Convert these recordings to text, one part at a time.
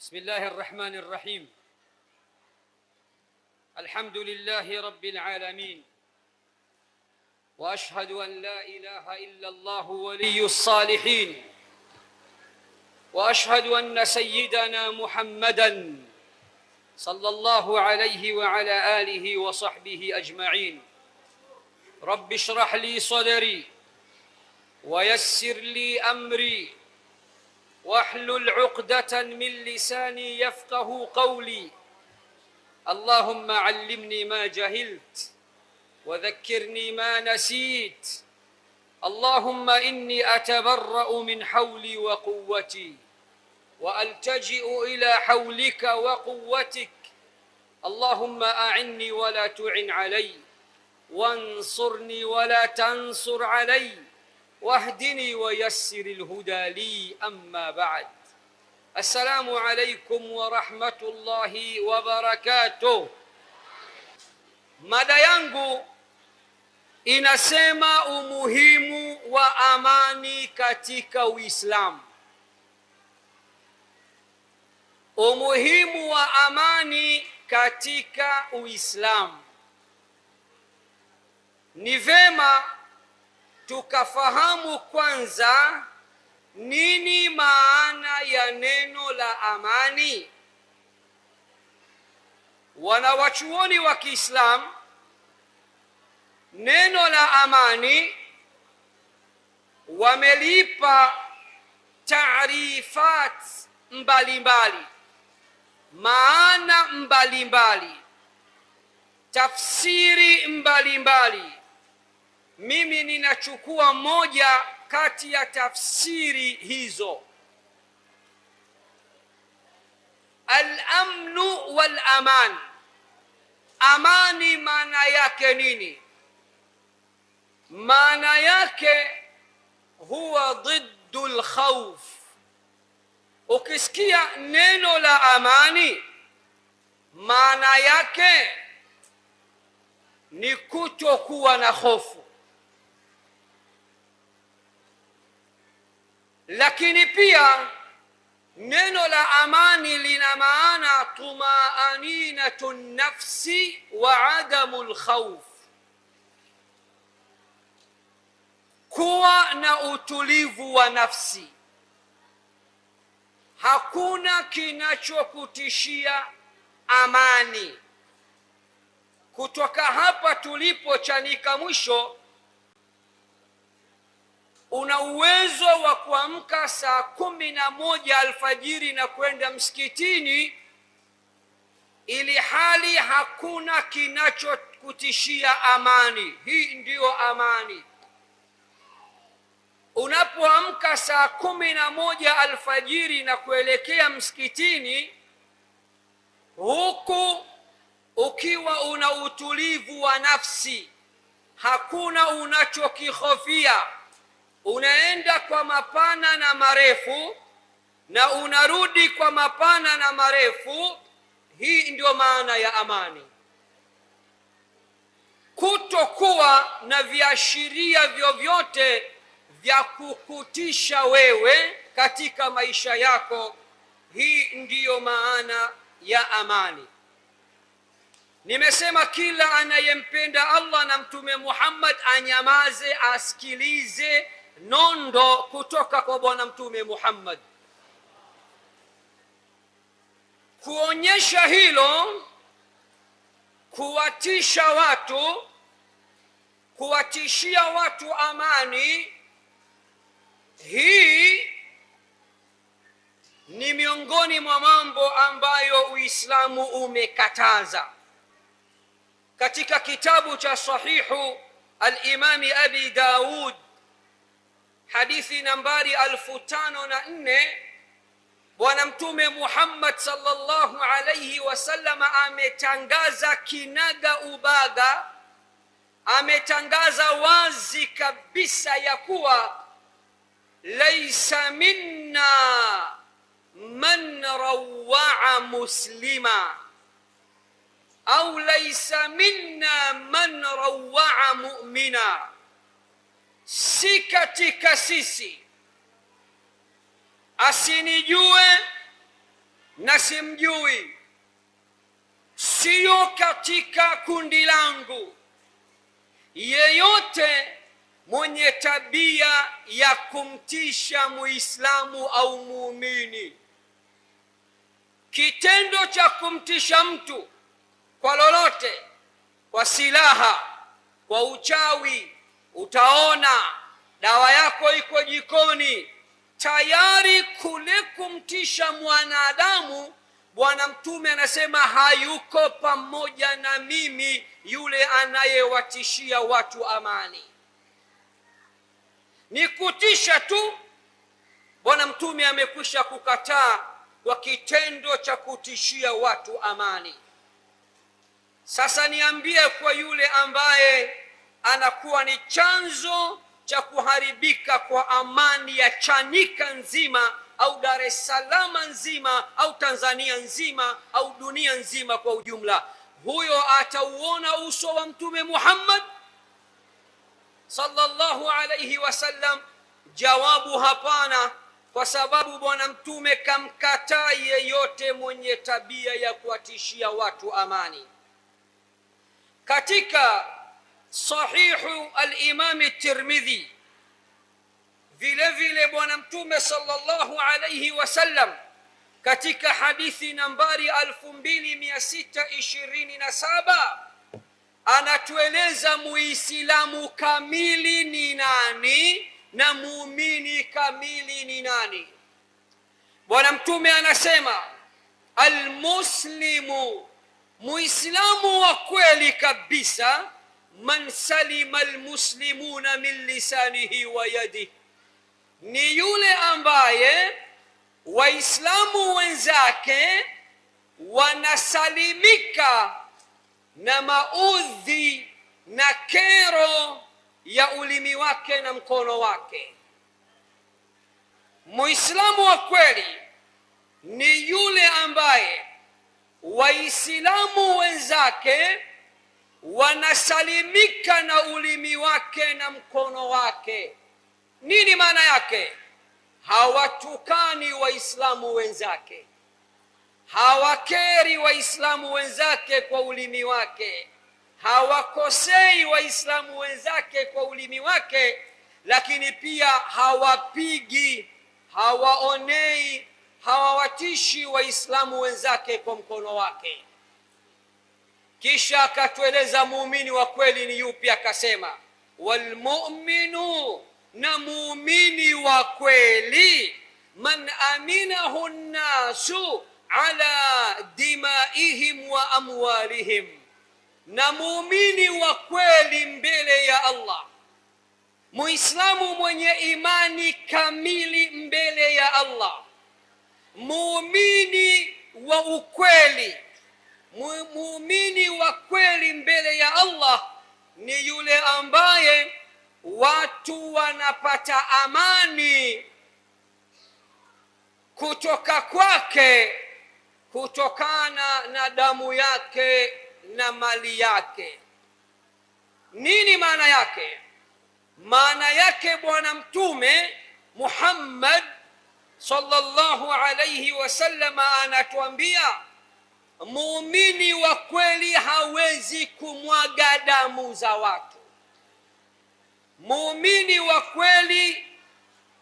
بسم الله الرحمن الرحيم الحمد لله رب العالمين واشهد ان لا اله الا الله ولي الصالحين واشهد ان سيدنا محمدا صلى الله عليه وعلى اله وصحبه اجمعين رب اشرح لي صدري ويسر لي امري واحلل عقدة من لساني يفقه قولي اللهم علمني ما جهلت وذكرني ما نسيت اللهم إني أتبرأ من حولي وقوتي وألتجئ إلى حولك وقوتك اللهم أعني ولا تعن علي وانصرني ولا تنصر علي واهدني ويسر الهدى لي أما بعد السلام عليكم ورحمة الله وبركاته Mada yangu inasema umuhimu wa amani katika Uislamu. Umuhimu wa amani katika Uislamu. Ni vema tukafahamu kwanza nini maana ya neno la amani. Wanawachuoni wa Kiislamu, neno la amani wamelipa taarifat mbalimbali, maana mbalimbali, tafsiri mbalimbali mbali mimi ninachukua moja kati ya tafsiri hizo, al-amnu wal-aman. Amani maana yake nini? Maana yake huwa dhiddu al-khawf. Ukisikia neno la amani, maana yake ni kutokuwa na hofu lakini pia neno la amani lina maana tumaaninatu nafsi wa adamu lkhauf, kuwa na utulivu wa nafsi, hakuna kinachokutishia amani. Kutoka hapa tulipochanika mwisho una uwezo wa kuamka saa kumi na moja alfajiri na kwenda msikitini, ili hali hakuna kinachokutishia amani. Hii ndiyo amani. Unapoamka saa kumi na moja alfajiri na kuelekea msikitini, huku ukiwa una utulivu wa nafsi, hakuna unachokihofia unaenda kwa mapana na marefu na unarudi kwa mapana na marefu. Hii ndio maana ya amani. Kutokuwa na viashiria vyovyote vya kukutisha wewe katika maisha yako, hii ndiyo maana ya amani. Nimesema kila anayempenda Allah na Mtume Muhammad anyamaze, asikilize nondo kutoka kwa Bwana Mtume Muhammad. Kuonyesha hilo, kuwatisha watu, kuwatishia watu amani, hii ni miongoni mwa mambo ambayo Uislamu umekataza. Katika kitabu cha Sahihu al-Imami Abi Daud hadithi nambari alfu tano na nne bwana mtume muhammad sallallahu alaihi wasallama ametangaza kinaga ubaga ametangaza wazi kabisa ya kuwa laisa minna man rawaa muslima au laisa minna man rawaa mu'mina si katika sisi, asinijue na simjui, siyo katika kundi langu yeyote mwenye tabia ya kumtisha Muislamu au muumini. Kitendo cha kumtisha mtu kwa lolote, kwa silaha, kwa uchawi utaona dawa yako iko jikoni tayari kule kumtisha mwanadamu. Bwana Mtume anasema hayuko pamoja na mimi yule anayewatishia watu amani. Ni kutisha tu. Bwana Mtume amekwisha kukataa kwa kitendo cha kutishia watu amani. Sasa niambie kwa yule ambaye anakuwa ni chanzo cha kuharibika kwa amani ya Chanika nzima au Dar es Salaam nzima au Tanzania nzima au dunia nzima kwa ujumla. Huyo atauona uso wa Mtume Muhammad sallallahu alayhi wasallam? Jawabu, hapana, kwa sababu Bwana Mtume kamkataa yeyote mwenye tabia ya kuwatishia watu amani katika sahihu alimami Tirmidhi. vilevile Bwana Mtume sallallahu alayhi wasallam katika hadithi nambari alfu mbili mia sita ishirini na saba anatueleza muislamu kamili ni nani na muumini kamili ni nani. Bwana Mtume anasema almuslimu, muislamu wa kweli kabisa man salima almuslimuna min lisanihi wa yadihi, ni yule ambaye waislamu wenzake wanasalimika na maudhi na kero ya ulimi wake na mkono wake. Muislamu wa kweli ni yule ambaye waislamu wenzake wanasalimika na ulimi wake na mkono wake. Nini maana yake? Hawatukani Waislamu wenzake, hawakeri Waislamu wenzake kwa ulimi wake, hawakosei Waislamu wenzake kwa ulimi wake, lakini pia hawapigi, hawaonei, hawawatishi Waislamu wenzake kwa mkono wake. Kisha akatueleza muumini wa kweli ni yupi, akasema walmuminu, na muumini wa kweli man aminahu nnasu ala dimaihim wa amwalihim, na muumini wa kweli mbele ya Allah, muislamu mwenye imani kamili mbele ya Allah, muumini wa ukweli muumini wa kweli mbele ya Allah ni yule ambaye watu wanapata amani kutoka kwake kutokana na damu yake na mali yake. Nini maana yake? Maana yake Bwana Mtume Muhammad sallallahu alayhi wasallama anatuambia muumini wa kweli hawezi kumwaga damu za watu. Muumini wa kweli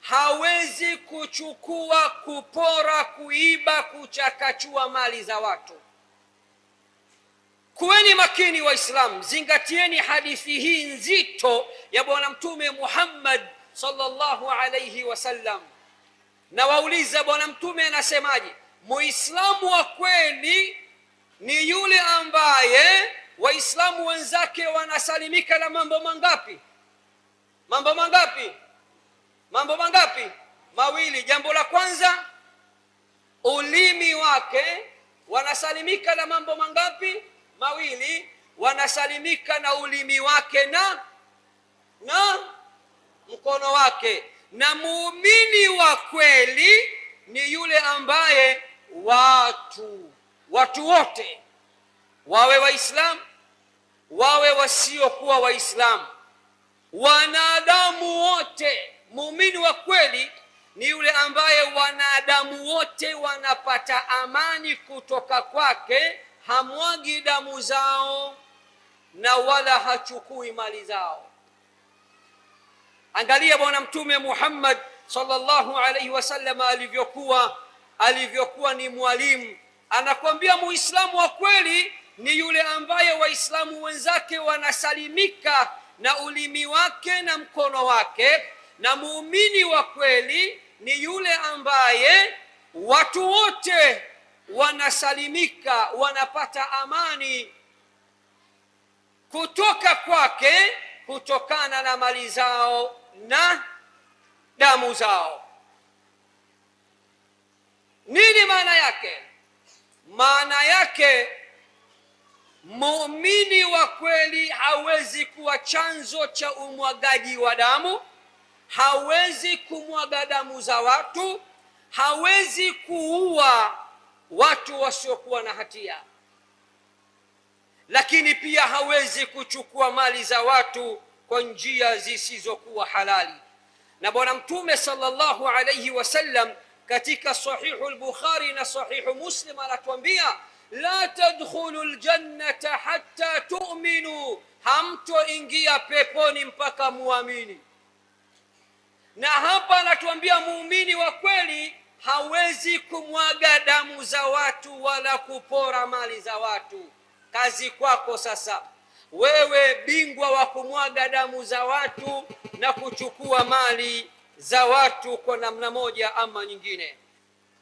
hawezi kuchukua, kupora, kuiba, kuchakachua mali za watu. Kuweni makini Waislamu, zingatieni hadithi hii nzito ya Bwana Mtume Muhammad sallallahu alayhi wasallam. Na wauliza Bwana Mtume anasemaje? muislamu wa kweli ni yule ambaye waislamu wenzake wanasalimika na mambo mangapi? Mambo mangapi? Mambo mangapi? Mawili. Jambo la kwanza, ulimi wake wanasalimika na mambo mangapi? Mawili. Wanasalimika na ulimi wake na na mkono wake. Na muumini wa kweli ni yule ambaye watu watu wote wawe Waislamu wawe wasiokuwa Waislamu, wanadamu wote. Muumini wa kweli ni yule ambaye wanadamu wote wanapata amani kutoka kwake, hamwagi damu zao na wala hachukui mali zao. Angalia Bwana Mtume Muhammad sallallahu alaihi wasallam alivyokuwa alivyokuwa ni mwalimu. Anakwambia muislamu wa kweli ni yule ambaye waislamu wenzake wanasalimika na ulimi wake na mkono wake, na muumini wa kweli ni yule ambaye watu wote wanasalimika, wanapata amani kutoka kwake, kutokana na mali zao na damu zao. Nini maana yake? Maana yake muumini wa kweli hawezi kuwa chanzo cha umwagaji wa damu, hawezi kumwaga damu za watu, hawezi kuua watu wasiokuwa na hatia, lakini pia hawezi kuchukua mali za watu kwa njia zisizokuwa halali. Na Bwana Mtume sallallahu alayhi wasallam katika sahihu al-Bukhari na sahihu Muslim anatuambia la tadkhulu ljannata hatta tu'minu, hamtoingia peponi mpaka muamini. Na hapa anatuambia muumini wa kweli hawezi kumwaga damu za watu wala kupora mali za watu. Kazi kwako sasa wewe, bingwa wa kumwaga damu za watu na kuchukua mali za watu kwa namna moja ama nyingine.